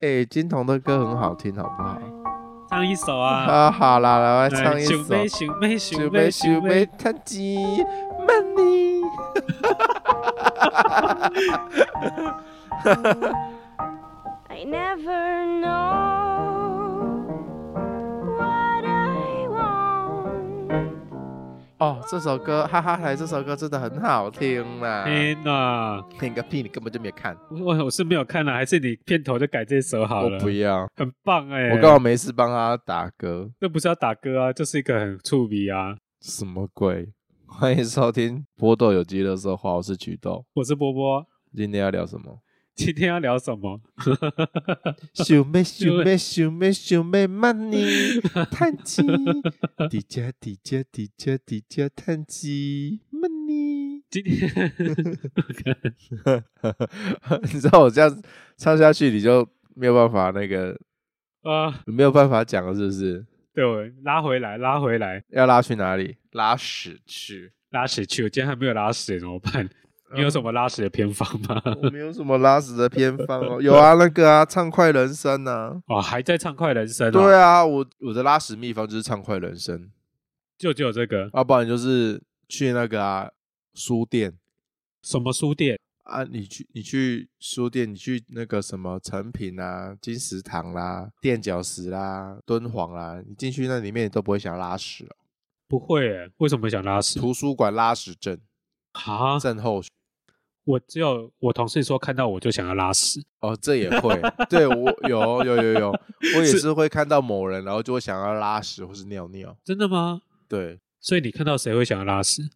哎，金童的歌很好聽，好不好？唱一首啊！啊，好啦，我來唱一首。哦，這首歌，哈哈，來，這首歌真的很好聽啦，啊！天哪，聽個屁，你根本就沒看。我我是沒有看了，啊，還是你片頭就改這首好了。我不要，很棒哎，欸！我剛好沒事幫他打歌，那不是要打歌啊，就是一個很觸鼻啊！什麼鬼？歡迎收聽波豆有機的說話，我是菊豆，我是波波，今天要聊什麼？今天要聊什麼？哈哈哈哈哈哈！Show me, show me, show me, show me money！嘆氣，迪迦，迪迦，迪迦，迪迦嘆氣，money！今天，你知道我這樣唱下去，你就沒有辦法那個，啊，沒有辦法講了，是不是？Uh, 對，拉回來，拉回來，要拉去哪裡？拉屎去，拉屎去！我今天還沒有拉屎，怎麼辦？嗯、你有什麼拉屎的偏方嗎？ 我沒有什麼拉屎的偏方哦，有啊，那個啊，暢快人生吶、啊！啊，還在暢快人生、啊？對啊，我我的拉屎秘方就是暢快人生，就只有這個。要、啊、不然你就是去那個啊書店，什麼書店啊？你去你去書店，你去那個什麼誠品啊、金石堂啦、啊、墊腳石啦、啊、敦煌啦、啊，你進去那裡面你都不會想拉屎、哦，不會、欸？為什麼想拉屎？圖書館拉屎症哈。症、啊、後。我只有我同事說看到我就想要拉屎哦，這也會？ 對我有有有有，有，我也是會看到某人然後就會想要拉屎或是尿尿，真的嗎？對，所以你看到誰會想要拉屎？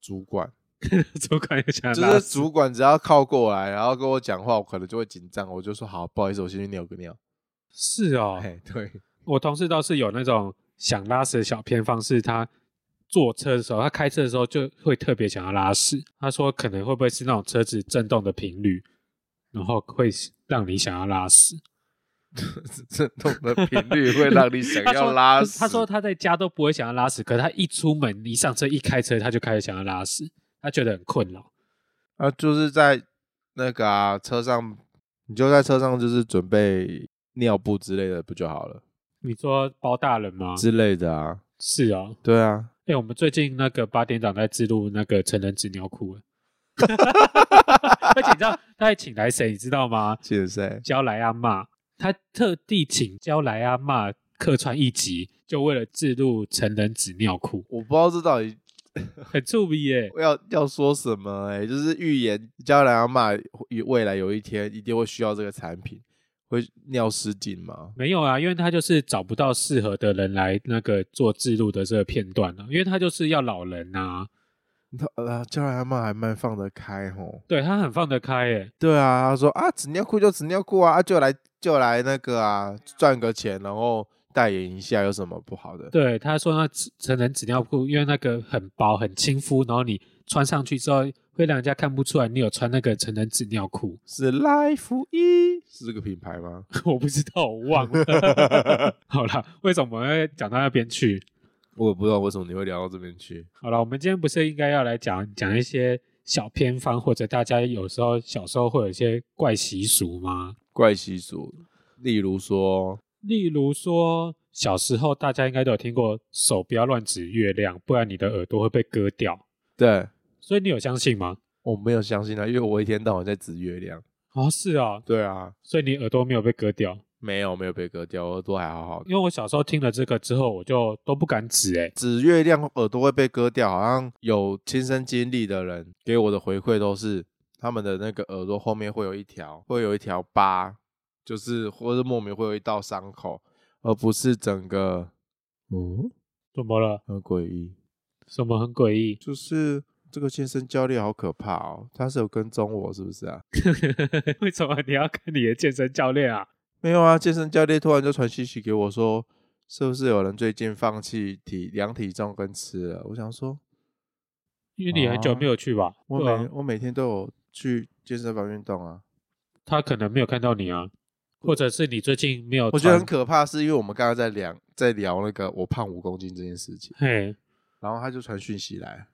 主管， 主管也想要拉屎，就是主管只要靠過來然後跟我講話，我可能就會緊張，我就說好不好意思，我先去尿個尿。是哦，對，我同事倒是有那種想拉屎的小偏方，是他。坐車的時候，他開車的時候就會特別想要拉屎。他說可能會不會是那種車子震動的頻率，然後會讓你想要拉屎。 震動的頻率會讓你想要拉屎。他說他在家都不會想要拉屎，可是他一出門，一上車，一開車他就開始想要拉屎，他覺得很困擾。啊，就是在那個、啊、車上，你就在車上就是準備尿布之類的不就好了？你說包大人嗎？之類的啊，是啊、哦，對啊。哎、hey，我們最近那個八點檔在置入那個成人紙尿褲了， 而且你知道他還請來誰，你知道嗎？請誰？叫萊阿嬤，他特地請叫萊阿嬤客串一集，就為了置入成人紙尿褲。我不知道這到底很臭屁哎！我要要說什麼哎、欸？就是預言，叫萊阿嬤未來有一天一定會需要這個產品。會尿失禁嗎？沒有啊，因為他就是找不到適合的人來那個做記錄的這個片段啊，因為他就是要老人啊。他、啊、呃，叫來他們還蠻放得開吼。對，他很放得開耶。對啊，他說啊，紙尿褲就紙尿褲啊，啊，就來就來那個啊，賺個錢然後代言一下，有什麼不好的？對，他說那成人紙尿褲，因為那個很薄很親膚，然後你穿上去之後。會讓人家看不出來你有穿那個成人紙尿褲。是 Life 衣、e，是這個品牌嗎？ 我不知道，我忘了。 好啦，為什麼我會講到那邊去？我也不知道為什麼你會聊到這邊去。好了，我們今天不是應該要來講講一些小偏方，或者大家有時候小時候會有一些怪習俗嗎？怪習俗，例如說，例如說，小時候大家應該都有聽過，手不要亂指月亮，不然你的耳朵會被割掉。對。所以你有相信嗎？我沒有相信啊，因為我一天到晚在指月亮啊、哦，是啊、哦，對啊，所以你耳朵沒有被割掉？沒有，沒有被割掉，我耳朵還好好的。因為我小時候聽了這個之後，我就都不敢指哎、欸，指月亮耳朵會被割掉，好像有親身經歷的人給我的回饋都是，他們的那個耳朵後面會有一條，會有一條疤，就是或是莫名會有一道傷口，而不是整個。嗯、哦，怎麼了？很詭異，什麼很詭異？就是。這個健身教練好可怕哦，他是有跟蹤我，是不是啊？ 為什麼你要跟你的健身教練啊？沒有啊，健身教練突然就傳訊息給我，說是不是有人最近放棄體量體重跟吃了？我想說，因為你很久沒有去吧？啊、我每、啊、我每天都有去健身房運動啊。他可能沒有看到你啊，或者是你最近沒有？我覺得很可怕，是因為我們剛剛在聊在聊那個我胖五公斤這件事情，嘿，然後他就傳訊息來。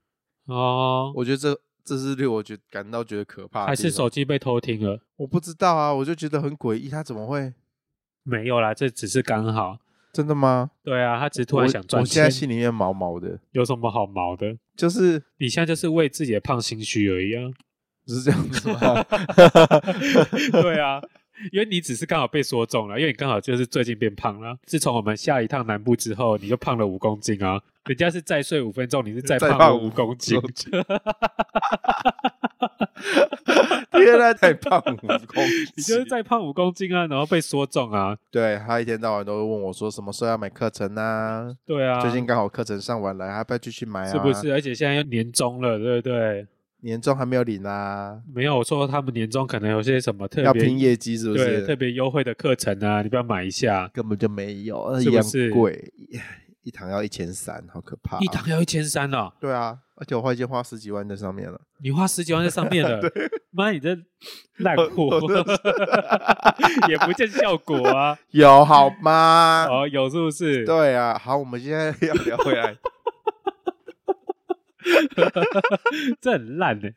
哦、oh，我覺得這這是令我覺感到覺得可怕的，還是手機被偷聽了，嗯。我不知道啊，我就覺得很詭異，他怎麼會……沒有啦，這只是剛好。嗯，真的嗎？對啊，他只是突然想賺錢我。我現在心裡面毛毛的。有什麼好毛的？就是你現在就是為自己的胖心虛而已啊。是這樣子嗎？ 對啊。因為你只是剛好被說中了，因為你剛好就是最近變胖了。自從我們下一趟南部之後，你就胖了五公斤啊！人家是再睡五分鐘，你是再胖五公斤。原來再胖五公斤， 在公斤 你就是再胖五公斤啊！然後被說中啊。對，他一天到晚都會問我說，什麼時候要買課程啊。對啊，最近剛好課程上完了，還要不要繼續買啊？是不是？而且現在又年終了，對不對？年終還沒有領啊？沒有，我說他們年終可能有些什麼特別要拼業績，是不是？特別優惠的課程啊，你不要買一下，根本就沒有，是不是？一樣貴一堂要一千三，好可怕！一堂要一千三，啊，一千三啊，對啊，而且我花已經花十幾萬在上面了。你花十幾萬在上面了， 媽，你這爛貨 也不見效果啊？ 有好嗎？哦，有是不是？對啊，好，我們現在要聊回來。 這很爛呢。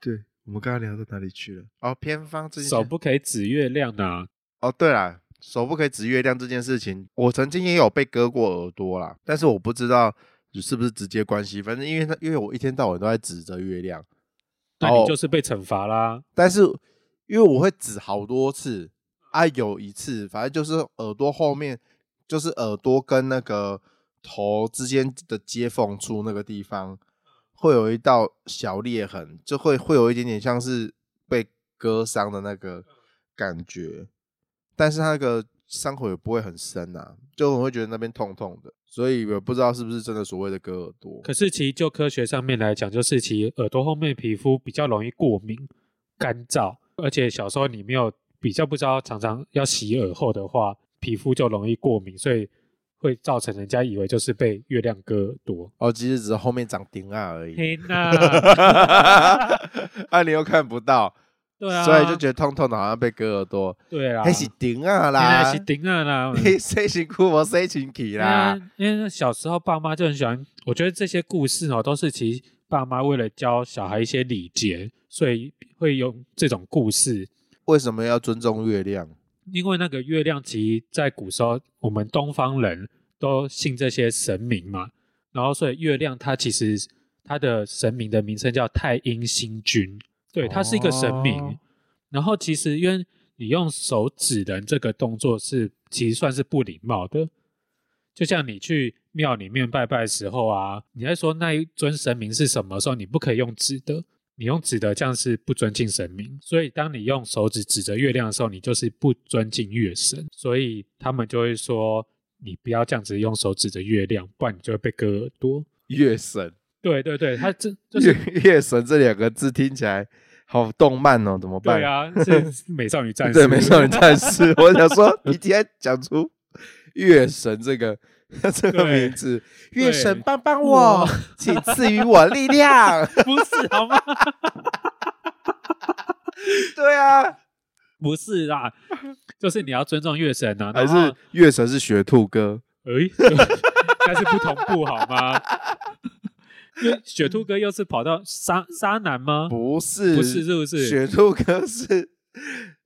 對，我們剛剛聊到哪裡去了？哦，偏方。手不可以指月亮的。哦，對了，手不可以指月亮這件事情，我曾經也有被割過耳朵啦，但是我不知道是不是直接關係。反正因為，因為我一天到晚都在指着月亮，那你就是被懲罰啦。哦，但是因為我會指好多次，啊，有一次，反正就是耳朵後面，就是耳朵跟那個。頭之間的接縫處那個地方會有一道小裂痕，就會會有一點點像是被割傷的那個感覺，但是它那個傷口也不會很深吶、啊，就我會覺得那邊痛痛的，所以我不知道是不是真的所謂的割耳朵。可是其實就科學上面來講，就是其實耳朵後面的皮膚比較容易過敏、乾燥，而且小時候你沒有比較不知道，常常要洗耳後的話，皮膚就容易過敏，所以。會造成人家以為就是被月亮割耳朵哦，其實只是後面長釘耳而已。釘耳、啊， 啊你又看不到，對啊，所以就覺得痛痛的，好像被割耳朵。對啊，還是釘耳啦，還、啊、是釘耳啦，誰辛苦我誰請起啦。因為小時候爸媽就很喜歡，我覺得這些故事哦，都是其實爸媽為了教小孩一些禮節，所以會用這種故事。為什麼要尊重月亮？因為那個月亮，其實在古時候，我們東方人都信這些神明嘛，然後所以月亮它其實它的神明的名稱叫太陰星君，對，它是一個神明。然後其實因為你用手指人這個動作是其實算是不禮貌的，就像你去廟裡面拜拜的時候啊，你在說那一尊神明是什麼時候，你不可以用指的。你用指的這樣是不尊敬神明，所以當你用手指指着月亮的時候，你就是不尊敬月神，所以他們就會說你不要這樣子用手指着月亮，不然你就會被割耳朵。月神，對對對，他這就是月，月神這兩個字聽起來好動漫哦，怎麼辦？對啊，是美少女戰士， 對，美少女戰士， 我想說你今天講出月神這個。這個名字，月神幫幫我，請賜予我力量， 不是好嗎？ 對啊，不是啦，就是你要尊重月神啊。還是月神是雪兔哥？哎 欸，還是不同步好嗎？ 因為雪兔哥又是跑到沙沙男嗎？不是，不是，是不是雪兔哥是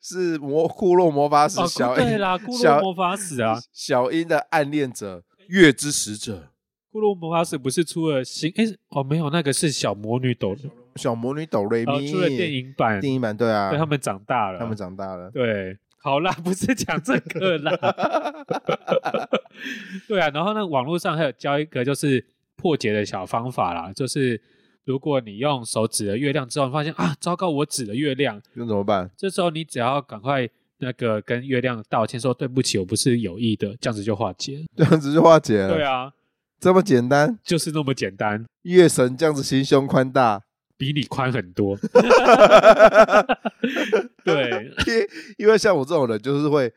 是魔庫洛魔法使小、哦、對啦，庫洛魔法使啊，小，小櫻的暗戀者。月之使者，布魯姆巴斯不是出了新哎？哦，沒有，那個是小魔女斗，小，小魔女斗瑞米，哦，出了電影版，電影版對啊對，他們長大了，他們長大了，對，好啦，不是講這個啦， 對啊，然後呢，網絡上還有教一個就是破解的小方法啦，就是如果你用手指了月亮之後，你發現啊，糟糕，我指了月亮，那怎麼辦？這時候你只要趕快。那個跟月亮道歉說，對不起，我不是有意的，這樣子就化解，這樣子就化解了。對啊，這麼簡單，就是那麼簡單。月神這樣子心胸寬大，比你寬很多。 對，因 為，因為像我這種人就是會。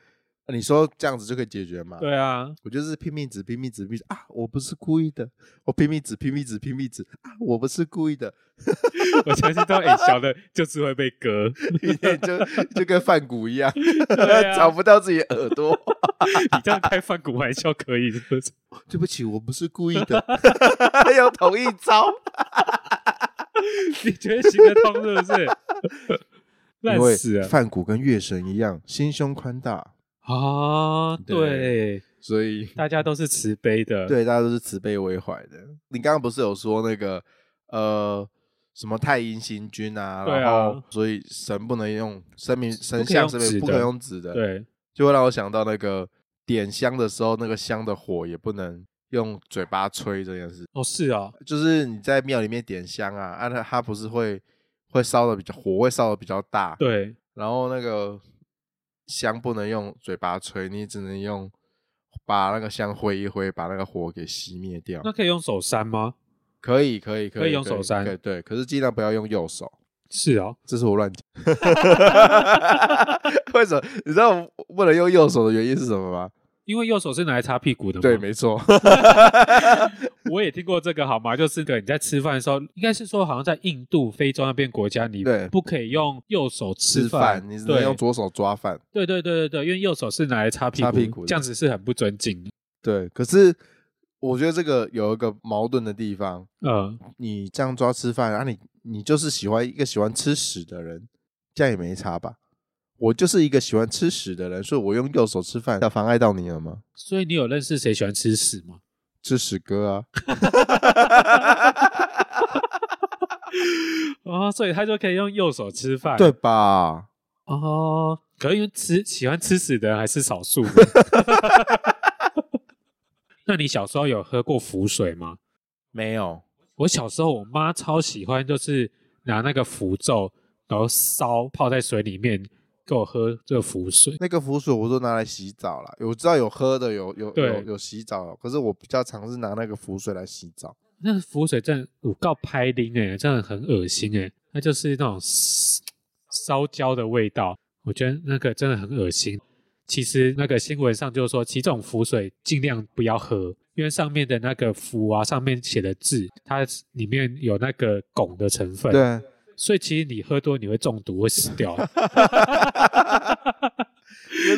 啊、你說這樣子就可以解決嗎？對啊，我就是拼命指、拼命指、拼命指啊！我不是故意的，我拼命指、拼命指、拼命指。啊！我不是故意的， 我才知道，哎、欸，小的就只會被割， 就就跟梵谷一樣、 啊，找不到自己耳朵。 你這樣開梵谷玩笑可以的， 對不起，我不是故意的， 用同一招， 你覺得行得通是不是？爛 死了，梵谷跟月神一樣，心胸寬大。啊、oh,，對，所以大家都是慈悲的， 對，大家都是慈悲為懷的。你剛剛不是有說那個呃，什麼太陰星君啊？對啊，然後所以神不能用，生命不用神明神像之類，不能用紙的，對，就會讓我想到那個點香的時候，那個香的火也不能用嘴巴吹這件事。Oh, 哦，是啊，就是你在廟裡面點香啊，啊，它它不是會會燒的比較火，會燒的比，比較大，對，然後那個。香不能用嘴巴吹，你只能用把那個香揮一揮，把那個火給熄滅掉。那可以用手扇嗎？可以，可以，可以，可以用手扇。對對，可是盡量不要用右手。是哦，這是我亂講。 為什麼？你知道我不能用右手的原因是什麼嗎？因為右手是拿來擦屁股的嗎？對，沒錯 。我也聽過這個，好嗎？就是對，你在吃飯的時候，應該是說，好像在印度、非洲那邊國家，你不可以用右手吃飯，你只能用左手抓飯。對對對對對，因為右手是拿來擦屁股，擦屁股這樣子是很不尊敬。對，可是我覺得這個有一個矛盾的地方。嗯，你這樣抓吃飯，然、啊、你你就是喜歡一個喜歡吃屎的人，這樣也沒差吧？我就是一個喜歡吃屎的人，所以我用右手吃飯，要妨礙到你了嗎？所以你有認識誰喜歡吃屎嗎？吃屎哥啊！啊、 哦，所以他就可以用右手吃飯，對吧？哦，可是吃喜歡吃屎的人還是少數。 那你小時候有喝過符水嗎？沒有，我小時候我媽超喜歡，就是拿那個符咒，然後燒泡在水裡面。夠喝這個符水，那個符水我都拿來洗澡了。我知道有喝的，有有有有洗澡，可是我比較常是拿那個符水來洗澡。那個符水真的有夠拍拎哎、欸，真的很惡心哎、欸，它就是那種燒焦的味道，我覺得那個真的很惡心。其實那個新聞上就是說，其實這種符水盡量不要喝，因為上面的那個符啊，上面寫的字，它裡面有那個汞的成分。對。所以其實你喝多你會中毒，會死掉 可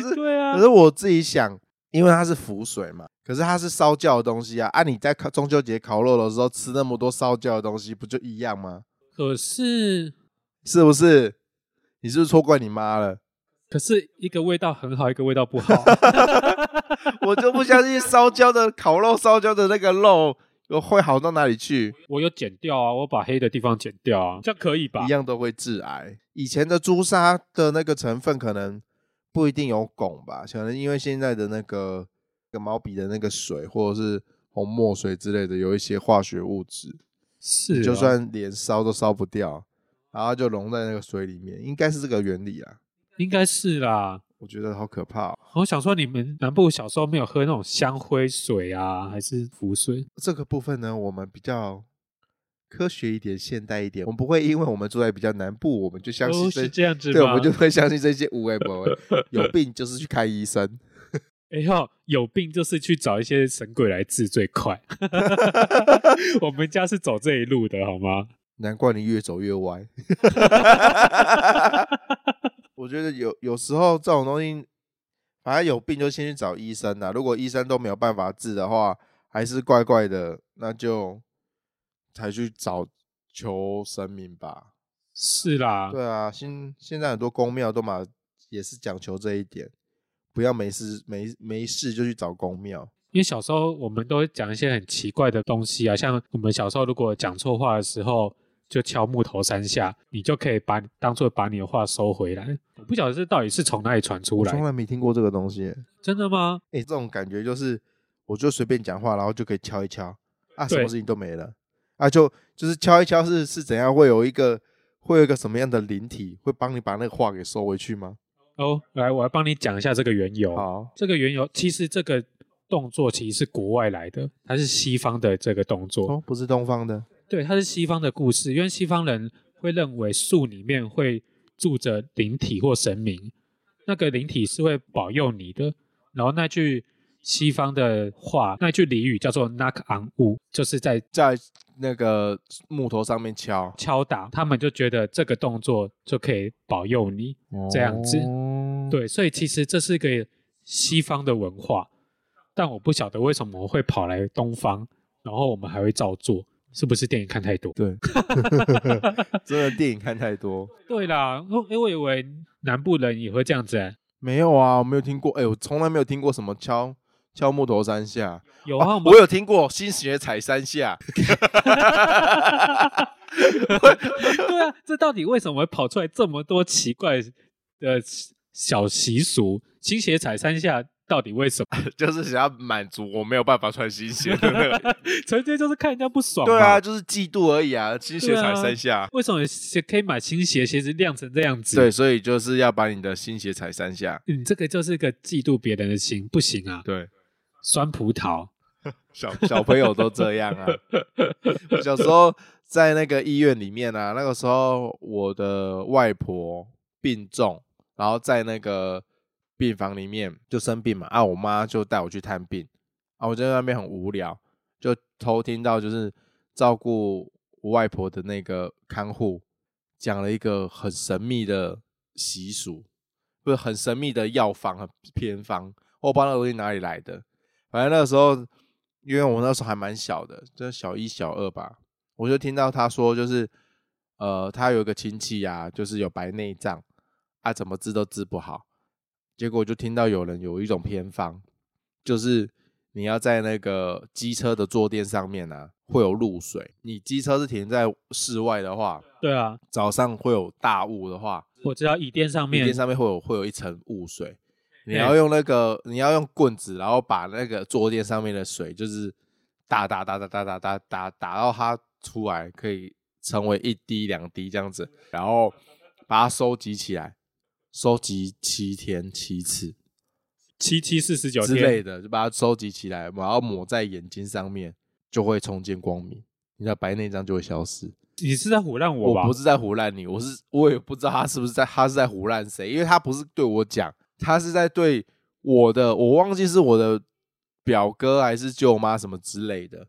是對啊，可是我自己想，因為它是浮水嘛，可是它是燒焦的東西啊啊！你在烤中秋節烤肉的時候吃那麼多燒焦的東西，不就一樣嗎？可是是不是，你是不是錯怪你媽了？可是一個味道很好，一個味道不好， 我就不相信燒焦的 烤肉燒焦的那個肉會好到哪裡去？我有剪掉啊，我把黑的地方剪掉啊，這樣可以吧？一樣都會致癌。以前的朱砂的那個成分可能不一定有汞吧，可能因為現在的那個毛筆的那個水或者是紅墨水之類的，有一些化學物質，是、哦、就算連燒都燒不掉，然後就溶在那個水裡面，應該是這個原理啊，應該是啦。我覺得好可怕，哦。我想說，你們南部小時候沒有喝那種香灰水啊，還是符水？這個部分呢，我們比較科學一點，現代一點。我們不會因為我們住在比較南部，我們就相信這、哦、是這樣子，對，我們就會相信這些無畏不有病就是去看醫生。哎 呦、欸，有病就是去找一些神鬼來治最快。 我們家是走這一路的，好嗎？難怪你越走越歪。 我覺得有有時候這種東西，反正有病就先去找醫生啦。如果醫生都沒有辦法治的話，還是怪怪的，那就才去找求神明吧。是啦，對啊，現現在很多宮廟都嘛也是講求這一點，不要沒事沒沒事就去找宮廟。因為小時候我們都會講一些很奇怪的東西啊，像我們小時候如果講錯話的時候。就敲木頭三下，你就可以把你當做把你的話收回來。我不曉得這到底是從哪裡傳出來，從來沒聽過這個東西，真的嗎？誒、欸，這種感覺就是，我就隨便講話，然後就可以敲一敲啊，什麼事情都沒了啊，就就是敲一敲是是怎樣，會有一個會有一個什麼樣的靈體會幫你把那個話給收回去嗎？哦、oh,，來，我來幫你講一下這個緣由。好，這個緣由其實這個動作其實是國外來的，它是西方的這個動作，哦、oh,，不是東方的。對，它是西方的故事，因為西方人會認為樹裡面會住着靈體或神明，那個靈體是會保佑你的。然後那句西方的話，那句俚語叫做 “knock on wood”，就是在在那個木頭上面敲敲打，他們就覺得這個動作就可以保佑你這樣子。對，所以其實這是一個西方的文化，但我不曉得為什麼會跑來東方，然後我們還會照做。是不是電影看太多？對，這個電影看太多。 對啦，我、欸，我以為南部人也會這樣子、啊，沒有啊，我沒有聽過，哎、欸，我從來沒有聽過什麼敲敲木頭三下，有啊，啊我有聽過新鞋踩三下。 對啊，這到底為什麼會跑出來這麼多奇怪的小習俗？新鞋踩三下。到底為什麼？就是想要滿足，我沒有辦法穿新鞋，對對 純粹就是看人家不爽。對啊，就是嫉妒而已啊，新鞋踩三下、啊。為什麼鞋可以買新鞋，鞋子亮成這樣子？對，所以就是要把你的新鞋踩三下。你、嗯、這個就是個嫉妒別人的心，不行啊。對，酸葡萄，小小朋友都這樣啊。 小時候在那個醫院裡面啊，那個時候我的外婆病重，然後在那個，病房裡面就生病嘛啊，我媽就帶我去探病啊，我在那邊很無聊，就偷聽到就是照顧我外婆的那個看護講了一個很神秘的習俗，不是很神秘的藥方和偏方，我也不知道那東西哪裡來的。反正那個時候，因為我那時候還蠻小的，就小一、小二吧，我就聽到他說就是呃，他有一個親戚呀、啊，就是有白內障，他怎麼治都治不好。結果就聽到有人有一種偏方，就是你要在那個機車的坐墊上面啊，會有露水。你機車是停在室外的話，對啊，早上會有大霧的話，我知道椅墊上面，椅墊上面會有會有一層霧水。你要用那個，你要用棍子，然後把那個坐墊上面的水，就是打打打打打打打打打到它出來，可以成為一滴兩滴這樣子，然後把它收集起來。收集七天七次，七七四十九天之類的，就把它收集起來，然後抹在眼睛上面，嗯、就會重見光明，你的白內障就會消失。你是在唬爛我吧？我不是在唬爛你，我是我也不知道他是不是在，他是在唬爛誰，因為他不是對我講，他是在對我的，我忘記是我的表哥還是舅媽什麼之類的，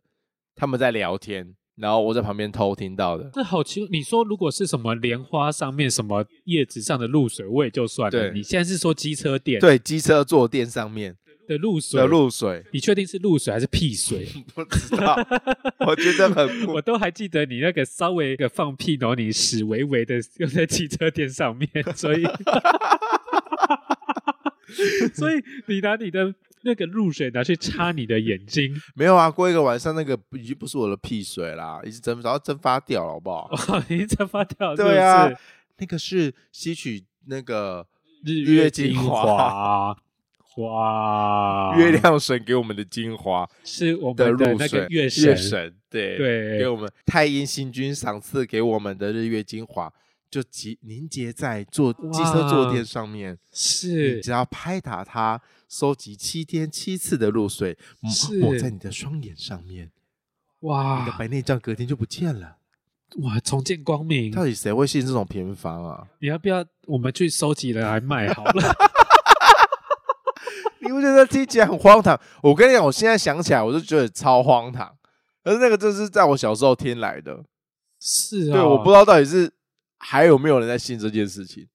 他們在聊天。然後我在旁邊偷聽到的。這好奇，你說如果是什麼蓮花上面什麼葉子上的露水，我也就算了。對，你現在是說機車墊？對，機車坐墊上面的露水。的露水。你確定是露水還是屁水？ 不知道， 我覺得很酷。我都還記得你那個稍微一個放屁，然後你屎微微的，又在機車墊上面，所以， 所以你拿你的。那個露水拿去擦你的眼睛？ 沒有啊，過一個晚上，那個已經不是我的屁水啦，已經蒸，然後蒸發掉了，好不好？已經蒸發掉了，是不是？對啊，那個是吸取那個日月精華，哇，月亮神給我們的精華，是我們的露水，月神，對對，給我們太陰星君賞賜給我們的日月精華。就凝結在坐機車坐墊上面，是你只要拍打它，收集七天七次的露水是，抹在你的雙眼上面，哇，你的白內障隔天就不見了，哇，重見光明。到底誰會信這種偏方啊？你要不要我們去收集人來賣好了？ 你不覺得這聽起來很荒唐？我跟你講，我現在想起來，我就覺得超荒唐。而那個就是在我小時候聽來的，是啊、哦，對，我不知道到底是。還有沒有人在信這件事情？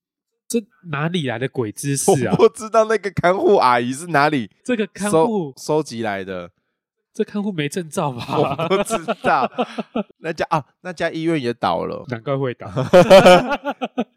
這哪裡來的鬼知識啊？我不知道那個看護阿姨是哪裡這個看護收集來的。這看護沒證照吧？我不知道。 那家啊，那家醫院也倒了，難怪會倒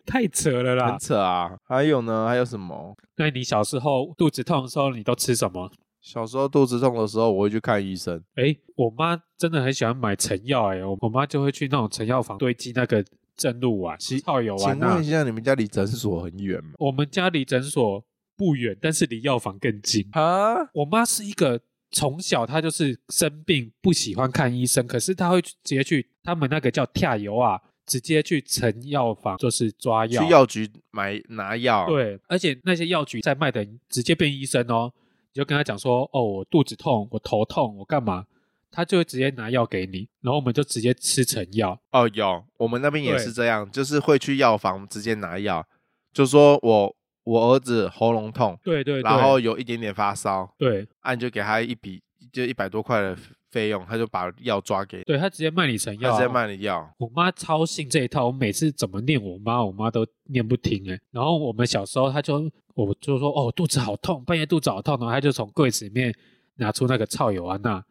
太扯了啦，很扯啊。還有呢？還有什麼？那你小時候肚子痛的時候，你都吃什麼？小時候肚子痛的時候，我會去看醫生、欸。誒我媽真的很喜歡買成藥，誒我我媽就會去那種成藥房堆積那個。正路啊，七車油啊。請問一下，你們家離診所很遠嗎、嗯？我們家離診所不遠，但是離藥房更近。啊，我媽是一個從小她就是生病不喜歡看醫生，可是她會直接去他們那個叫跳油啊，直接去成藥房就是抓藥，去藥局買拿藥。對，而且那些藥局在賣的直接變醫生哦，你就跟她講說：“哦，我肚子痛，我頭痛，我幹嘛？”他就會直接拿藥給你，然後我們就直接吃成藥。哦，有，我們那邊也是這樣，就是會去藥房直接拿藥。就說我我兒子喉嚨痛，對，對對，然後有一點點發燒，對，按、啊、就給他一筆，就一百多塊的費用，他就把藥抓給你。對，他直接賣你成藥，他直接賣你藥。我媽超信這一套，我每次怎麼念我媽，我媽都念不聽哎。然後我們小時候她，他就我就說哦肚子好痛，半夜肚子好痛，然後他就從櫃子裡面拿出那個超有安那。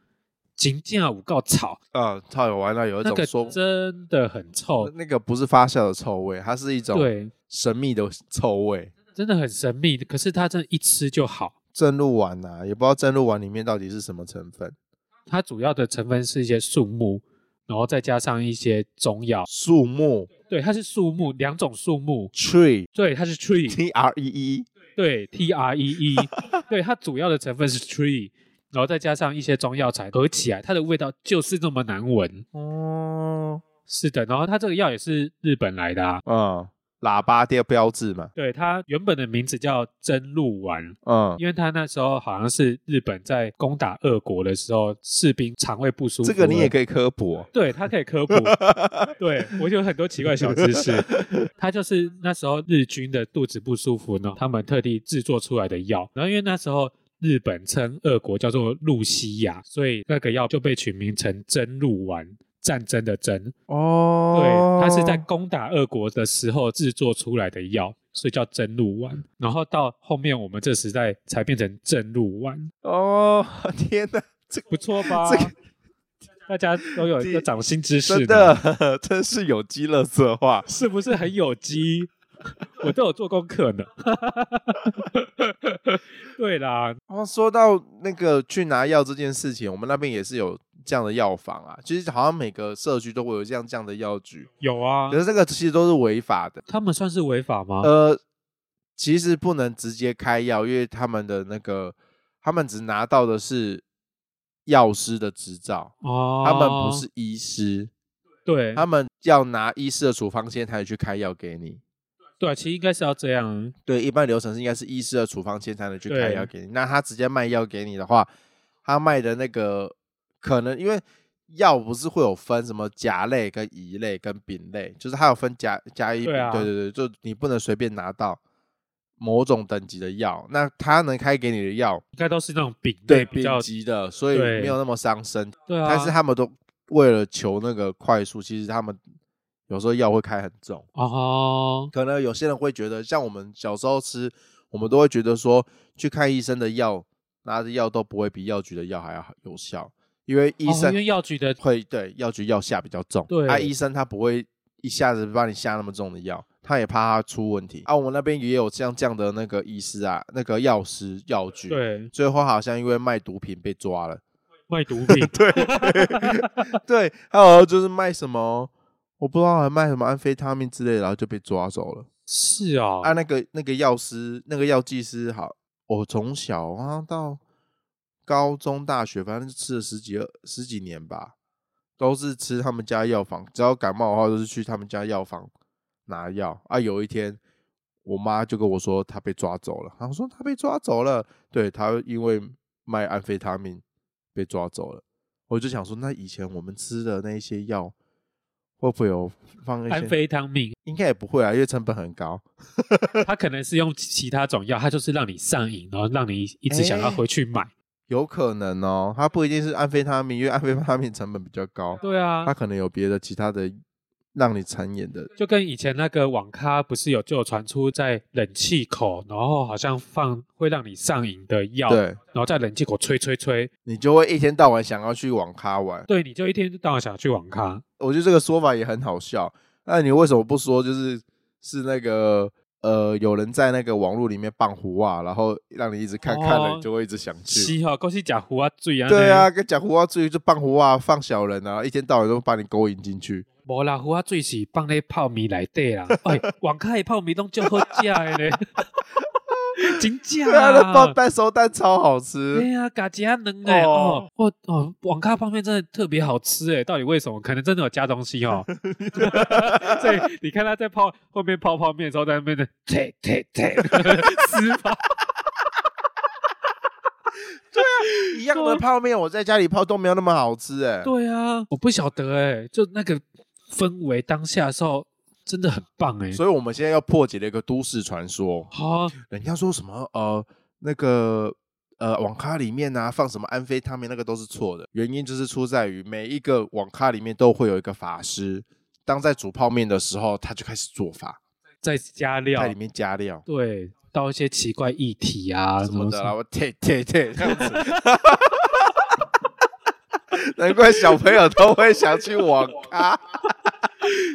芹啊，五告草，啊、嗯，草有完了有一種說、那個、真的很臭，那個不是發酵的臭味，它是一種對神秘的臭味，真的很神秘。可是它真的一吃就好，正露丸吶，也不知道正露丸裡面到底是什麼成分。它主要的成分是一些樹木，然後再加上一些中藥。樹木，對，它是樹木，兩種樹木，tree，對，它是 tree，t r e e，對，t r e e，, 對, T -R -E, -E 對，它主要的成分是 tree。然後再加上一些中藥材合起來，它的味道就是那麼難聞。哦、嗯，是的。然後它這個藥也是日本來的啊。嗯，喇叭的標誌嘛。對，它原本的名字叫征露丸。嗯，因為它那時候好像是日本在攻打俄國的時候，士兵腸胃不舒服。這個你也可以科普哦。對，它可以科普。 對，我有很多奇怪的小知識。 它就是那時候日軍的肚子不舒服呢，他們特地制作出來的藥。然後因為那時候。日本稱俄國叫做“露西亞”，所以那個藥就被取名成“徵露丸”，戰爭的征哦。Oh. 對，它是在攻打俄國的時候製作出來的藥，所以叫徵露丸。然後到後面我們這時代才變成正露丸。哦、oh,，天哪，這不錯吧？這 個大家都有一個掌心知識真的，真是有機垃圾化， 是不是很有機？ 我都有做功課呢。對啦、啊哦哦，然後說到那個去拿藥這件事情，我們那邊也是有這樣的藥房啊。其實好像每個社區都會有這樣這樣的藥局。有啊，可是這個其實都是違法的。啊、他們算是違法嗎？呃，其實不能直接開藥，因為他們的那個，他們只拿到的是藥師的執照哦，他們不是醫師。對，對，他們要拿醫師的處方先，才去開藥給你。對，其實應該是要這樣。對，一般流程是應該是醫師的處方箋才能去開藥給你。那他直接賣藥給你的話，他賣的那個可能因為藥不是會有分什麼甲類、跟乙類、跟丙類，就是他有分甲、甲乙。對啊，對對對，就你不能隨便拿到某種等級的藥。那他能開給你的藥，應該都是那種丙類比較、丙級的，所以沒有那麼傷身對。對啊，但是他們都為了求那個快速，其實他們。有時候藥會開很重，可能有些人會覺得，像我們小時候吃，我們都會覺得說去看醫生的藥，拿的藥都不會比藥局的藥還要有效，因為醫生因為藥局的會對藥局藥下比較重，對啊，醫生他不會一下子把你下那麼重的藥，他也怕他出問題啊。我們那邊也有像這樣的那個醫師啊，那個藥師藥局，對，最後好像因為賣毒品被抓了，賣毒品， 對 對，還有就是賣什麼？我不知道還賣什麼安非他命之類的，然後就被抓走了。是啊，哦，啊那個那個藥師那個藥劑師，好，我從小啊到高中大學，反正吃了十幾二十幾年吧，都是吃他們家藥房。只要感冒的話，都是去他們家藥房拿藥。啊，有一天我媽就跟我說，她被抓走了。然後說她被抓走了，對，她因為賣安非他命被抓走了。我就想說，那以前我們吃的那些藥，會不會有放安非他命？應該也不會啊，因為成本很高。 他可能是用其他種藥，他就是讓你上癮，然後讓你一直想要回去買。欸，有可能哦，他不一定是安非他命，因為安非他命成本比較高。對啊，他可能有別的其他的讓你成癮的。就跟以前那個網咖，不是有就有傳出在冷氣口，然後好像放會讓你上癮的藥，對，然後在冷氣口吹吹吹，你就會一天到晚想要去網咖玩。對，你就一天到晚想要去網咖。嗯我覺得這個說法也很好笑，那你為什麼不說？就是是那個呃，有人在那個網絡裡面放胡話，然後讓你一直看，看了，哦、你就會一直想去。是哈，哦，都是講胡話水啊。對啊，跟講胡話水就放胡話放小人啊，一天到晚都把你勾引進去。無啦，胡話水是放在泡米內底啊哎，網 開、欸、泡米都叫好假的 金假啊，啊，那包半熟蛋超好吃。哎呀、啊，嘎吉還能哎哦哦，網、哦哦、咖泡麵真的特別好吃哎、欸，到底為什麼？可能真的有加東西哦。對， 所以你看他在泡後面泡泡，泡麵的時候，在那邊的踢踢踢，吃吧。對啊，一樣的泡麵，我在家裡泡都沒有那麼好吃哎、欸。對啊，我不曉得哎、欸，就那個氛圍當下的時候。真的很棒哎、欸，所以我們現在又破解了一個都市傳說。哈，人家說什麼呃，那個呃網咖裡面啊，放什麼安非他命那個都是錯的。原因就是出在於每一個網咖裡面都會有一個法師，當在煮泡麵的時候，他就開始做法，再加料，在裡面加料，對，倒一些奇怪液體啊什麼的，麼的啊、我退退退這樣子， 難怪小朋友都會想去網咖。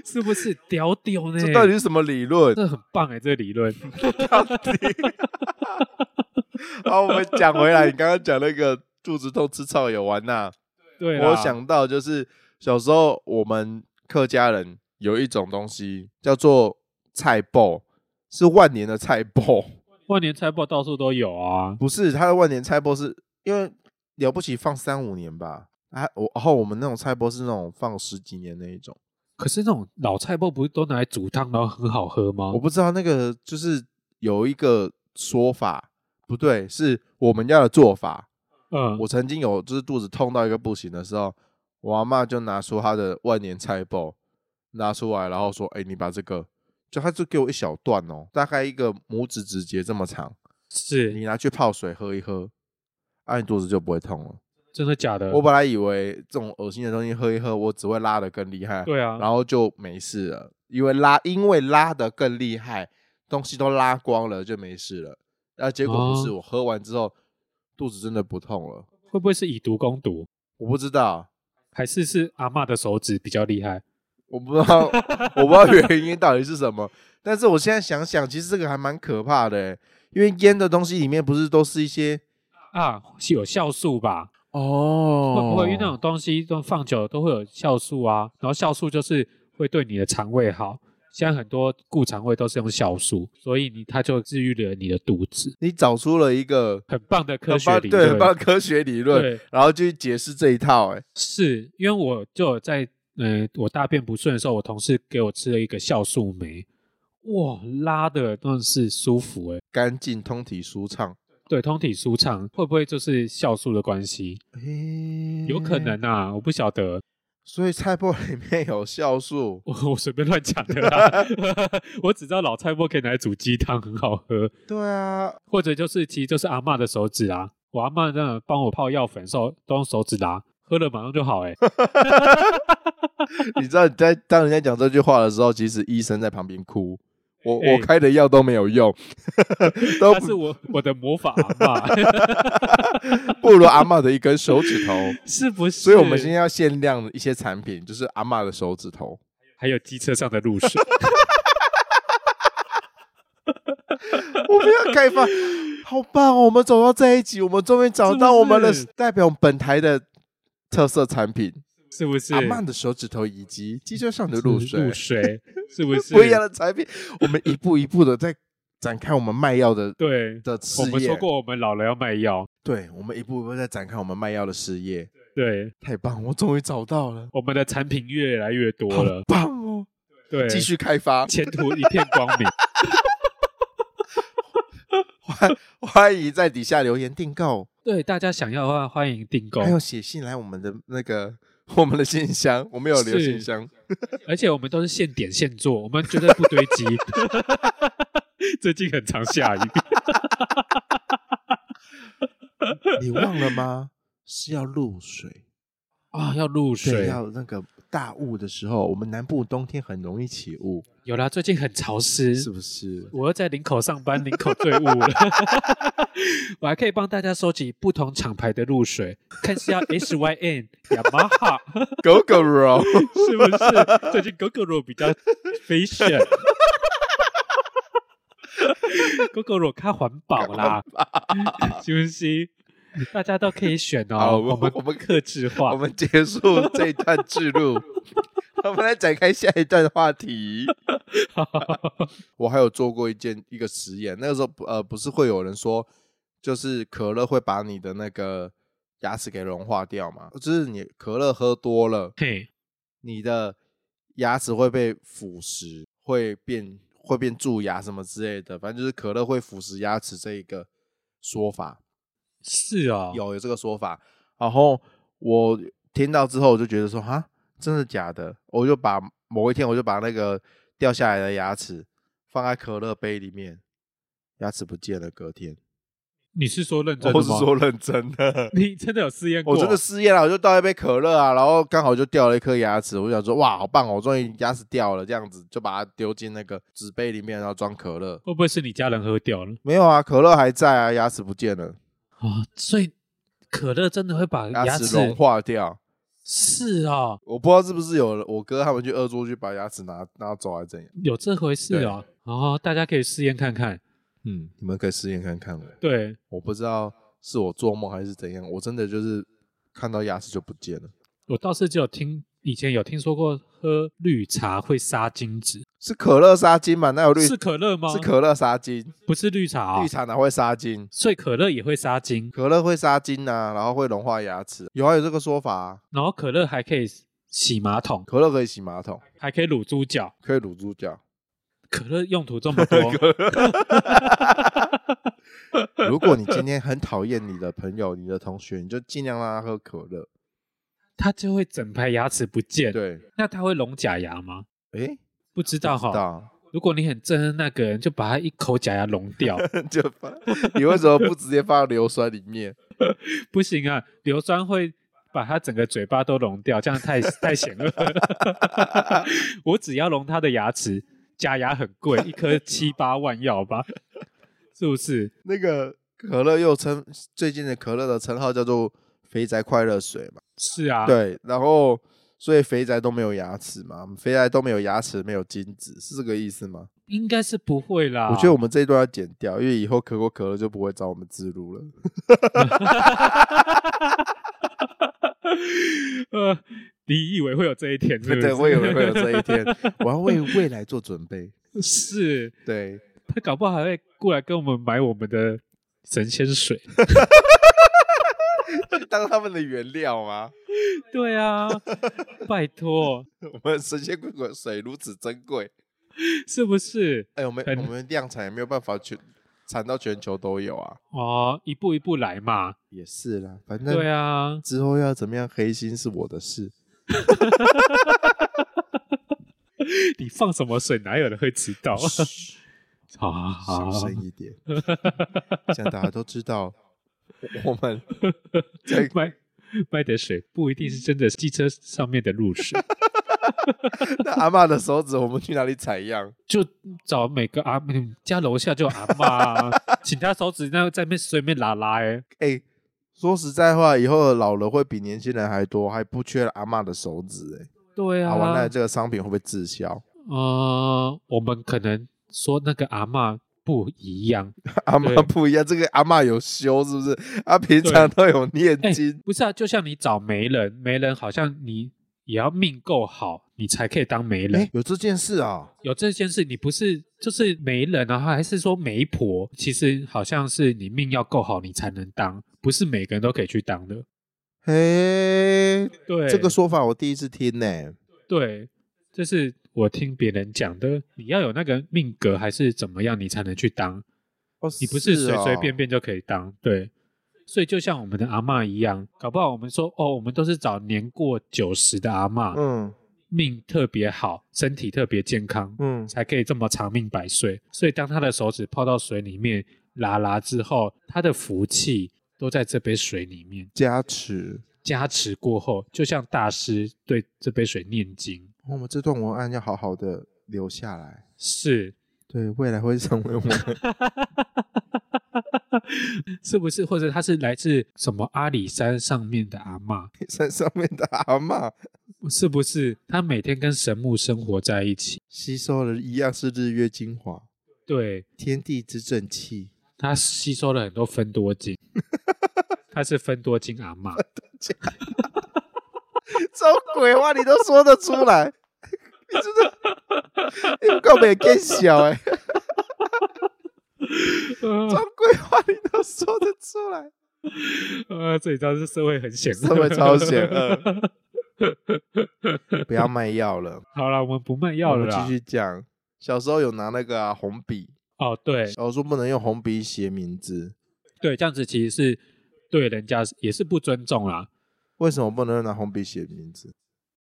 是不是屌屌呢？這到底是什麼理論？這很棒哎、欸，這個、理論。 到底 好，我們講回來， 你剛剛講那個肚子痛吃草有完吶？對。我想到就是小時候我們客家人有一種東西叫做菜包，是萬年的菜包。萬年菜包到處都有啊。不是，它的萬年菜包是因為了不起放三五年吧？啊，我然後我們那種菜包是那種放十幾年那一種。可是那種老菜脯不是都拿來煮湯，然後很好喝嗎？我不知道那個就是有一個說法，不對，是我們家的做法。嗯，我曾經有就是肚子痛到一個不行的時候，我阿嬤就拿出她的萬年菜脯拿出來，然後說：“哎，你把這個，就她就給我一小段哦，大概一個拇指指節這麼長，是你拿去泡水喝一喝，啊，你肚子就不會痛了。”真的假的？我本來以為這種噁心的東西喝一喝，我只會拉得更厲害。對啊，然後就沒事了，因為拉，因為拉得更厲害，東西都拉光了就沒事了。然後結果不是，我喝完之後、哦、肚子真的不痛了。會不會是以毒攻毒？我不知道，還是是阿嬤的手指比較厲害？我不知道， 我不知道原因到底是什麼。 但是我現在想想，其實這個還蠻可怕的，因為醃的東西裡面不是都是一些啊，是有酵素吧？哦、oh,，會不會因為那種東西都放久了都會有酵素啊？然後酵素就是會對你的腸胃好，現在很多顧腸胃都是用酵素，所以你它就治癒了你的肚子。你找出了一個很棒的科學理論，對，很棒的科學理論，然後就去解釋這一套、欸、是因為我就在嗯、呃，我大便不順的時候，我同事給我吃了一個酵素梅，哇，拉得真的是舒服誒、欸，乾淨通體舒暢。對，通體舒暢會不會就是酵素的關係、欸？有可能啊，我不曉得。所以菜脯裡面有酵素，我隨便亂講的、啊。 我只知道老菜脯可以拿來煮雞湯，很好喝。對啊，或者就是其實就是阿媽的手指啊，我阿媽真幫我泡藥粉，時候都用手指拿，喝了馬上就好耶。 你知道你在當人家講這句話的時候，其實醫生在旁邊哭。我我開的藥都沒有用，欸、都不他是我我的魔法阿媽， 不如阿媽的一根手指頭， 是不是？所以，我們今天要限量一些產品，就是阿媽的手指頭，還有機車上的露水。 我們要開發，好棒、哦！我們走到這一集，我們終於找到我們的是不是代表，本台的特色產品。是不是阿曼的手指頭，以及機車上的露水，嗯、露水是不是 不一樣的產品？我們一步一步的在展開我們賣藥的對的事業。我們說過，我們老了要賣藥，對，我們一步一步在展開我們賣藥的事業。對，太棒！我終於找到了，我們的產品越來越多了，棒哦！對，繼續開發，前途一片光明 歡。歡迎在底下留言訂購。對，大家想要的話，歡迎訂購，還有寫信來我們的那個。我們的信箱，我們有留信箱，而且我們都是現點現做， 我們絕對不堆積。 最近很常下雨。 你，你忘了嗎？是要露水啊，要露水，要那個。大霧的時候，我們南部冬天很容易起霧。有啦，最近很潮濕，是不是？我要在林口上班，林口最霧了。 我還可以幫大家收集不同廠牌的露水，看一下 SYM 雅馬哈、Gogoro，是不是？最近 Gogoro 比較 fashion。Gogoro 看環保啦，休 息。大家都可以選哦好。我們我們客製化，我們結束這一段記錄，我們來展開下一段話題 好。 我還有做過一件一個實驗，那個時候呃不是會有人說，就是可樂會把你的那個牙齒給融化掉嗎？就是你可樂喝多了，hey. 你的牙齒會被腐蝕，會變會變蛀牙什麼之類的，反正就是可樂會腐蝕牙齒這一個說法。是啊、哦，有有這個說法。然後我聽到之後，我就覺得說，哈，真的假的？我就把某一天，我就把那個掉下來的牙齒放在可樂杯裡面，牙齒不見了，隔天。你是說認真的嗎？我是說認真的。你真的有試驗過？我真的試驗了，我就倒一杯可樂啊，然後剛好就掉了一顆牙齒。我就想說，哇，好棒哦，我終於牙齒掉了。這樣子就把它丟進那個紙杯裡面，然後裝可樂。會不會是你家人喝掉了？沒有啊，可樂還在啊，牙齒不見了。啊、哦，所以可樂真的會把牙齒融化掉？是啊、哦，我不知道是不是有我哥他們去惡作劇把牙齒拿拿走還是怎樣？有這回事啊？然後大家可以試驗看看。嗯，你們可以試驗看看。對，我不知道是我做夢還是怎樣，我真的就是看到牙齒就不見了。我倒是只有聽。以前有聽說過喝綠茶會殺精子，是可樂殺精嗎？那有綠是可樂嗎？是可樂殺精，不是綠茶啊。綠茶哪會殺精？所以可樂也會殺精。可樂會殺精啊，然後會融化牙齒。有啊，有這個說法啊。然後可樂還可以洗馬桶，可樂可以洗馬桶，還可以滷豬腳，可以滷豬腳。可樂用途這麼多。 如果你今天很討厭你的朋友、你的同學，你就儘量讓他喝可樂。他就會整排牙齒不見，對，那他會溶假牙嗎？哎、欸，不知道哈。如果你很憎恨那個人，就把他一口假牙溶掉， 就放把。 你為什麼不直接放到硫酸裡面？ 不行啊，硫酸會把他整個嘴巴都溶掉，這樣太太險了。 我只要溶他的牙齒，假牙很貴，一顆七八萬，要吧？ 是不是？那個可樂又稱最近的可樂的稱號叫做。肥宅快樂水嘛，是啊，對，然後所以肥宅都沒有牙齒嘛，肥宅都沒有牙齒，沒有精子，是這個意思嗎？應該是不會啦。我覺得我們這一段要剪掉，因為以後可口可樂就不會找我們置入了。哈 呃，你以為會有這一天？對對， 我以為會有這一天。我要為未來做準備。是，對，他搞不好還會過來跟我們買我們的神仙水。 當他們的原料嗎？對啊， 拜托託， 我們神仙滾滾水如此珍貴，是不是？哎、欸，我們我們量產也沒有辦法全產到全球都有啊。哦，一步一步來嘛。也是啦，反正對啊，之後要怎麼樣黑心是我的事。 你放什麼水，哪有人會知道？ 噓噓好，好，好，小聲一點，這 樣大家都知道。我們 賣賣點水，不一定是真的汽車上面的露水。 那阿媽的手指，我們去哪裡採樣？就找每個阿媽家樓下就阿媽， 請他手指那在那隨便拉拉、欸。哎、欸，說實在話，以後老了會比年輕人還多，還不缺阿媽的手指、欸。哎，對啊。完了，這個商品會不會滯銷？嗯、呃，我們可能說那個阿媽。不一樣， 阿媽不一樣。這個阿媽有修，是不是？阿、啊、平常都有念經、欸。不是啊，就像你找媒人，媒人好像你也要命夠好，你才可以當媒人、欸。有這件事啊？有這件事，你不是就是媒人，啊，還是說媒婆？其實好像是你命要夠好，你才能當，不是每個人都可以去當的。嘿、欸，對，這個說法我第一次聽呢、欸。對，就是。我聽別人講的，你要有那個命格還是怎麼樣，你才能去當？哦，你不是隨隨便便便就可以當，哦，對。所以就像我們的阿嬤一樣，搞不好我們說哦，我們都是找年過九十的阿嬤，嗯，命特別好，身體特別健康，嗯，才可以這麼長命百歲。所以當他的手指泡到水裡面拉拉之後，他的福氣都在這杯水裡面加持，加持過後，就像大師對這杯水念經。哦、我們這段文案要好好的留下來，是對未來會成為我們， 是不是？或者他是來自什麼阿里山上面的阿媽？阿里山上面的阿媽，是不是？他每天跟神木生活在一起，吸收了一樣是日月精華，對天地之正氣，他吸收了很多芬多精， 他是芬多精阿媽。 這種鬼話你都說得出來？你真的？你有沒有變小、欸？哎，這種鬼話你都說得出來？呃、啊啊，這裡是社會很險惡，社會超險惡、嗯。不要賣藥了。好啦，我們不賣藥了，我繼續講。小時候有拿那個、啊、紅筆哦，對，小時候不能用紅筆寫名字，對，這樣子其實是對人家也是不尊重啊。為什麼不能拿紅筆寫名字？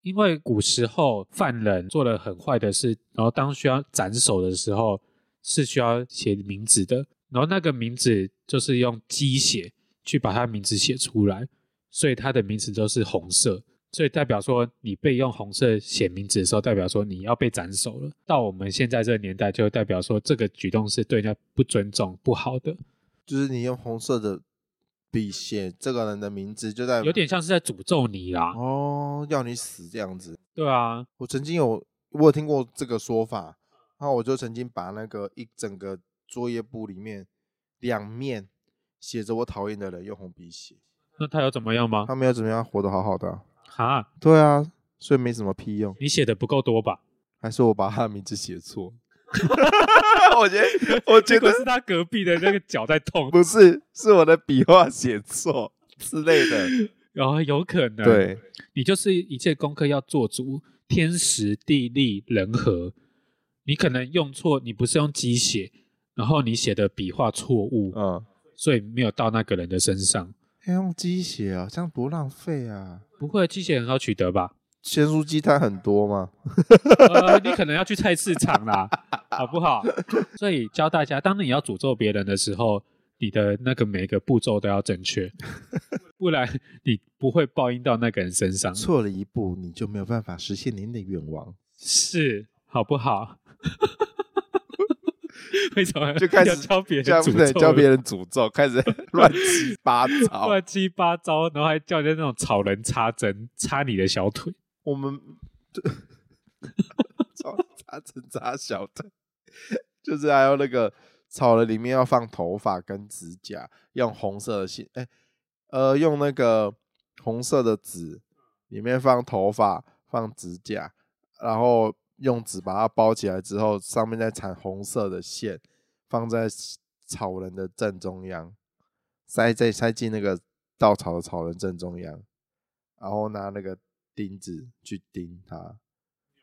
因為古時候犯人做了很壞的事，然後當需要斬首的時候是需要寫名字的，然後那個名字就是用雞血去把他名字寫出來，所以他的名字都是紅色，所以代表說你被用紅色寫名字的時候，代表說你要被斬首了。到我們現在這個年代，就代表說這個舉動是對人家不尊重、不好的，就是你用紅色的。筆寫這個人的名字，就在有點像是在詛咒你啦，哦，要你死這樣子。對啊，我曾經有，我有聽過這個說法，然後我就曾經把那個一整個作業簿裡面兩面寫着我討厭的人用紅筆寫。那他有怎麼樣嗎？他沒有怎麼樣，活得好好的、啊。哈、啊？對啊，所以沒什麼屁用。你寫的不夠多吧？還是我把他的名字寫錯？ 我覺得，我覺得 是他隔壁的那個腳在痛。 不是，是我的筆畫寫錯之類的，然後，哦，有可能，對，你就是一切功課要做足，天時地利人和，你可能用錯，你不是用雞血，然後你寫的筆畫錯誤，嗯，所以沒有到那個人的身上。用雞血啊，這樣不浪費啊？不會，雞血很好取得吧？鮮蔬雞攤很多嗎？ 呃，你可能要去菜市場啦， 好不好？所以教大家，當你要詛咒別人的時候，你的那個每個步驟都要正確， 不然你不會報應到那個人身上。錯了一步，你就沒有辦法實現您的願望，是好不好？ 為什麼就開始教別人詛咒？就教別人詛咒，開始亂七八糟，亂七八糟，然後還教人那種草人插針，插你的小腿。我們就扎成扎小的，就是還有那個草人裡面要放頭髮跟指甲，用紅色的線，哎、欸，呃，用那個紅色的紙裡面放頭髮放指甲，然後用紙把它包起來之後，上面再纏紅色的線，放在草人的正中央，塞在塞進那個稻草的草人正中央，然後拿那個。釘子去釘它，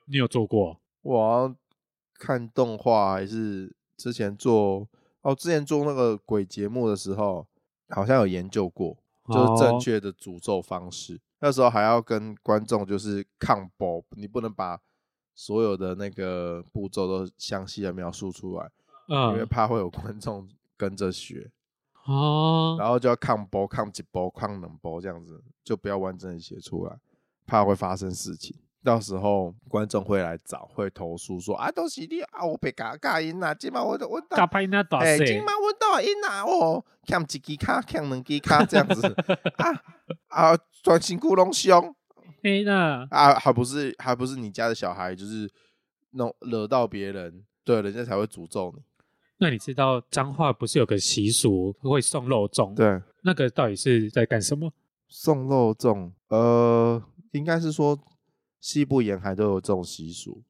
你有做過？我好像看動畫還是之前做哦，之前做那個鬼節目的時候，好像有研究過，就是正確的詛咒方式。Oh. 那時候還要跟觀眾就是抗波，你不能把所有的那個步驟都詳細的描述出來，uh. 因為怕會有觀眾跟着學。哦、oh.，然後就要抗波、抗幾波、抗冷波這樣子，就不要完整的寫出來。怕會發生事情，到時候觀眾會來找，會投訴說啊，都是你啊，我被搞搞贏了，金馬我我哎，金馬、欸、我倒贏了哦，看自己卡，看兩支卡這樣子啊 啊，專心鼓弄胸，哎呀 啊，還不是還不是你家的小孩，就是弄惹到別人，對人家才會詛咒你。那你知道彰化不是有個習俗會送肉粽？對，那個到底是在幹什麼？送肉粽，呃。應該是說，西部沿海都有這種習俗。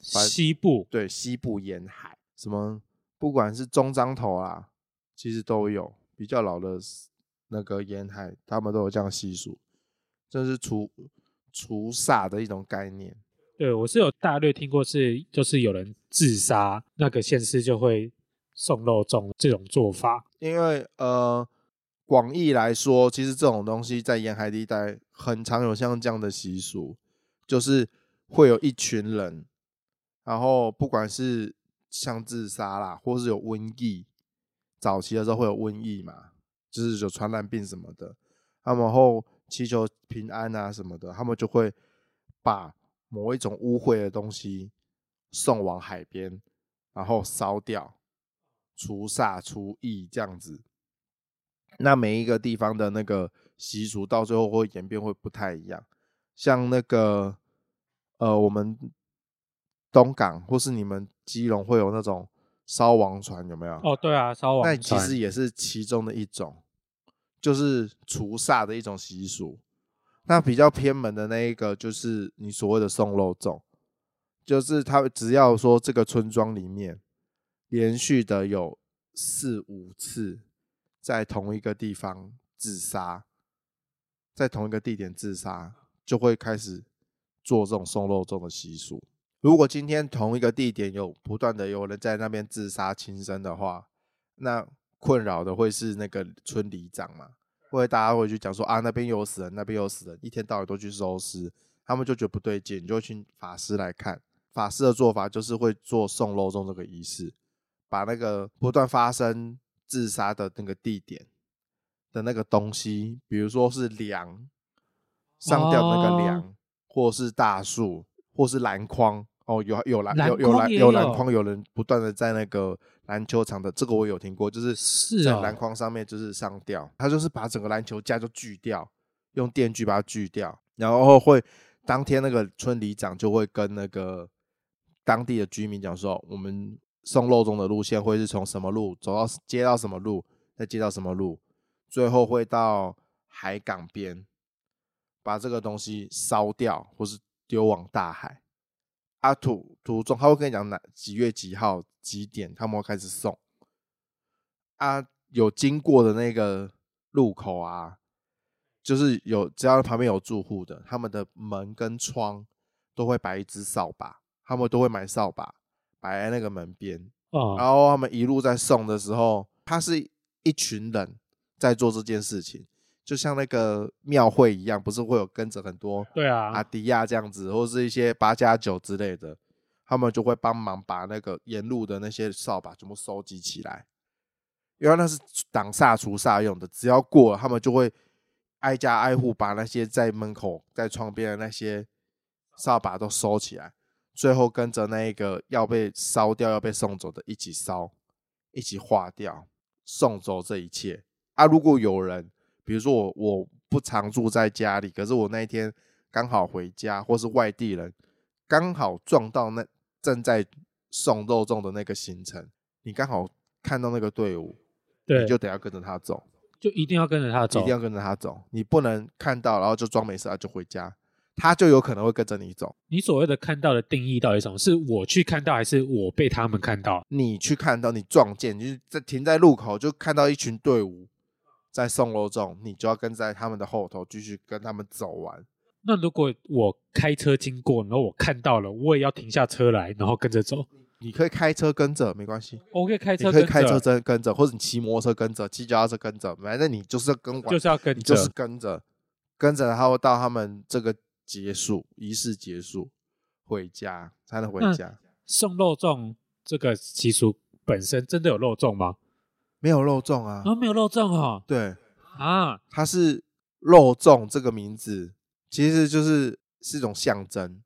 西部對西部沿海，什麼不管是中章頭啊，其實都有比較老的，那個沿海他們都有這樣習俗，這是除除煞的一種概念。對我是有大略聽過是，是就是有人自殺，那個縣市就會送肉粽這種做法，因為呃。廣義來說，其實這種東西在沿海地帶很常有像這樣的習俗，就是會有一群人，然後不管是像自殺啦，或是有瘟疫，早期的時候會有瘟疫嘛，就是有傳染病什麼的，他們後祈求平安啊什麼的，他們就會把某一種污穢的東西送往海邊，然後燒掉，除煞除疫這樣子。那每一個地方的那個習俗到最後會演變會不太一樣，像那個，呃，我們東港或是你們基隆會有那種燒王船，有沒有？哦，對啊，燒王船，那其實也是其中的一種，就是除煞的一種習俗。那比較偏門的那一個就是你所謂的送肉粽，就是他只要說這個村莊裡面連續的有四五次。在同一個地方自殺，在同一個地點自殺，就會開始做這種送肉粽的習俗。如果今天同一個地點有不斷的有人在那邊自殺、輕生的話，那困擾的會是那個村里長嘛？會大家會去講說啊，那邊有死人，那邊有死人，一天到晚都去收屍，他們就覺得不對勁，你就請法師來看。法師的做法就是會做送肉粽這個儀式，把那個不斷發生。自殺的那個地點的那個東西，比如說是樑，上吊那個樑，哦，或是大樹，或是籃筐。哦，有有籃有有籃有籃筐，有，有人不斷的在那個籃球場的這個我有聽過，就是在籃筐上面就是上吊，哦，他就是把整個籃球架就鋸掉，用電鋸把它鋸掉，然後會當天那個村里長就會跟那個當地的居民講說，我們。送肉粽的路線會是從什麼路走到接到什麼路，再接到什麼路，最後會到海港邊，把這個東西燒掉或是丟往大海。啊，途途中他會跟你講哪幾月幾號幾點，他們會開始送。啊，有經過的那個路口啊，就是有只要旁邊有住戶的，他們的門跟窗都會擺一只掃把，他們都會買掃把。擺在那個門邊，哦，然後他們一路在送的時候，他是一群人在做這件事情，就像那個廟會一樣，不是會有跟着很多對啊阿迪亞這樣子，啊、或是一些八加九之類的，他們就會幫忙把那個沿路的那些掃把全部收集起來，因為那是擋煞除煞、煞用的，只要過了，他們就會挨家挨戶把那些在門口在窗邊的那些掃把都收起來。最後跟着那一個要被燒掉、要被送走的一起燒、一起化掉、送走這一切啊！如果有人，比如說我，我不常住在家裡，可是我那一天剛好回家，或是外地人剛好撞到那正在送肉粽的那個行程，你剛好看到那個隊伍，對，你就得要跟着他走，就一定要跟着他走，一定要跟着他走，你不能看到然後就裝沒事啊，就回家。他就有可能會跟着你走。你所謂的看到的定義到底是什麼？是我去看到，還是我被他們看到？你去看到你，你撞見，你在停在路口就看到一群隊伍在送樓中，你就要跟在他們的後頭繼續跟他們走完。那如果我開車經過，然後我看到了，我也要停下車來，然後跟着走。你可以開車跟着沒關係我、oh, 可，可以開車跟着，可以開車跟跟着，或者你騎摩托車跟着，騎腳踏車跟着，反正你就是要跟，就是要跟你就是跟着，跟着然後到他們這個結束，儀式結束，回家，才能回家。送肉粽這個習俗本身真的有肉粽嗎？沒有肉粽啊，哦、沒有肉粽哦。對啊，它是肉粽這個名字其實就是是一種象徵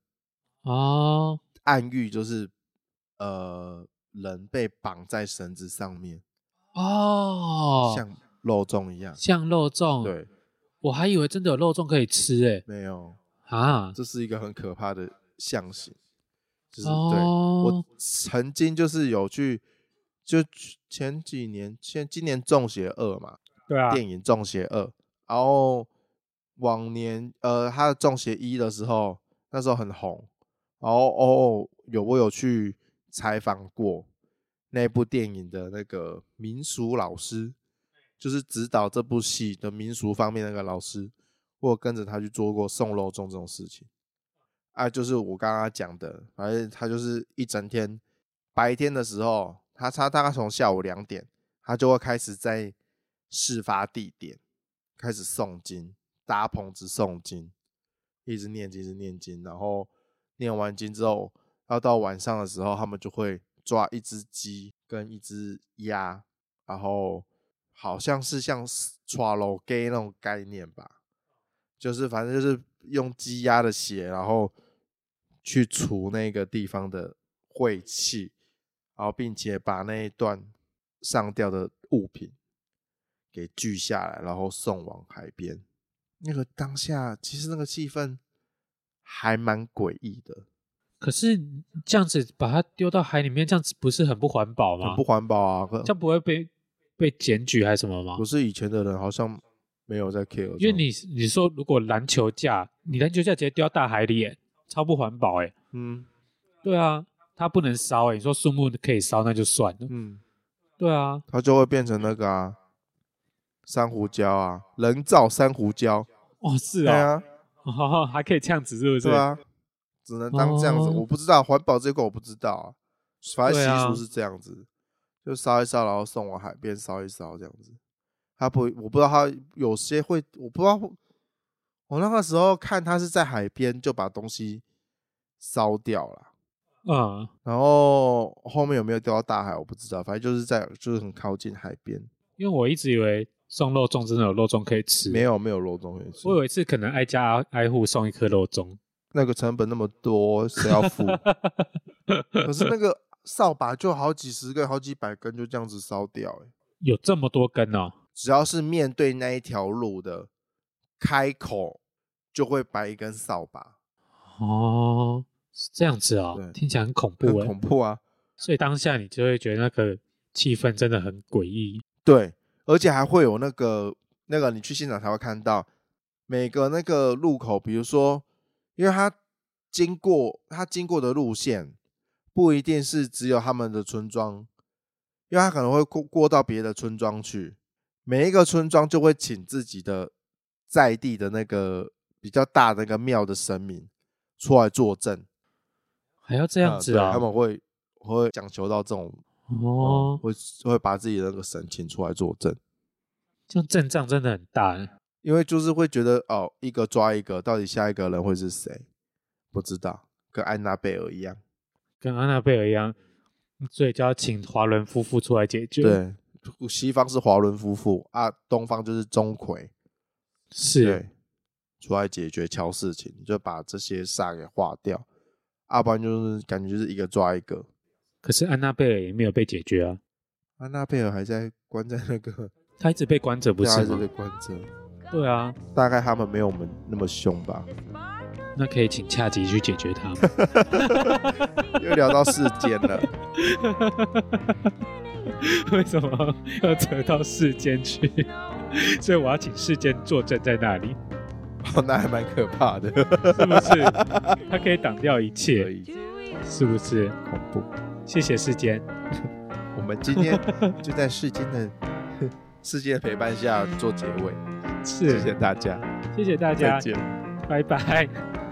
哦，暗喻就是呃人被綁在繩子上面哦，像肉粽一樣，像肉粽。對，我還以為真的有肉粽可以吃哎、欸，沒有。啊，這是一個很可怕的象形，就是對我曾經就是有去就前幾年，前，今年中邪二嘛，對啊，電影中邪二，然後往年呃他的中邪一的時候，那時候很紅，然後哦有我有去採訪過那部電影的那個民俗老師，就是指導這部戲的民俗方面那個老師。或跟着他去做過送肉粽這種事情，啊，就是我剛剛講的，反正他就是一整天，白天的時候，他他大概從下午兩點，他就會開始在事發地點開始誦經，搭棚子誦經，一直念經，一直念經，然後念完經之後，要到晚上的時候，他們就會抓一只雞跟一只鴨，然後好像是像抓樓雞那種概念吧。就是反正就是用雞鴨的血，然後去除那個地方的晦氣，然後並且把那一段上吊的物品給鋸下來，然後送往海邊。那個當下其實那個氣氛還蠻詭異的。可是這樣子把它丟到海裡面，這樣子不是很不環保嗎？很不環保啊！這樣不會被被檢舉還是什麼嗎？不是以前的人好像。沒有在 care 因為你你說如果籃球架，你籃球架直接掉到大海裡，超不環保，嗯，對啊，它不能燒，你說樹木可以燒，那就算了。嗯，對啊，它就會變成那個啊，珊瑚礁啊，人造珊瑚礁。哦，是啊，啊哦、還可以這樣子是不是？對啊，只能當這樣子。哦、我不知道環保這個我不知道啊，反正習俗是這樣子，啊、就燒一燒，然後送往海邊燒一燒這樣子。他不，我不知道他有些會，我不知道。我那個時候看他是在海邊就把東西燒掉了，嗯，然後後面有沒有掉到大海我不知道，反正就是在就是很靠近海邊。因為我一直以為送肉粽真的有肉粽可以吃，沒有，沒有肉粽可以吃。我有一次可能挨家挨戶送一顆肉粽，那個成本那麼多，誰要付？可是那個掃把就好幾十個，好幾百根就這樣子燒掉，欸，有這麼多根呢！只要是面對那一條路的開口，就會擺一根掃把。哦，是這樣子啊、哦，聽起來很恐怖，很恐怖啊！所以當下你就會覺得那個氣氛真的很詭異。對，而且還會有那個那個，你去現場才會看到每個那個路口，比如說，因為他經過他經過的路線不一定是只有他們的村莊，因為他可能會過過到別的村莊去。每一個村莊就會請自己的在地的那個比較大的那個廟的神明出來作證，還要這樣子啊、哦呃？他們會會講求到這種、嗯、哦，會會把自己的那個神請出來作證，這樣陣仗真的很大。因為就是會覺得哦，一個抓一個，到底下一個人會是誰？不知道，跟安娜貝爾一樣，跟安娜貝爾一樣，所以就要請華倫夫婦出來解決。對。西方是華倫夫婦啊，東方就是鍾馗，是出來解決敲事情，就把這些煞給化掉。啊不然就是感覺就是一個抓一個，可是安娜貝爾也沒有被解決啊，安娜貝爾還在關在那個，他一直被關着不是？一直被關着。對啊，大概他們沒有我們那麼兇吧？那可以請恰吉去解決他嗎？ 又聊到世間了。 為什麼要扯到世間去？所以我要請世間坐鎮在那裡。哦，那還蠻可怕的，是不是？它可以擋掉一切，是不是？恐怖！謝謝世間，我們今天就在世間的 世界陪伴下做結尾。是，謝謝大家，謝謝大家，再見，拜拜。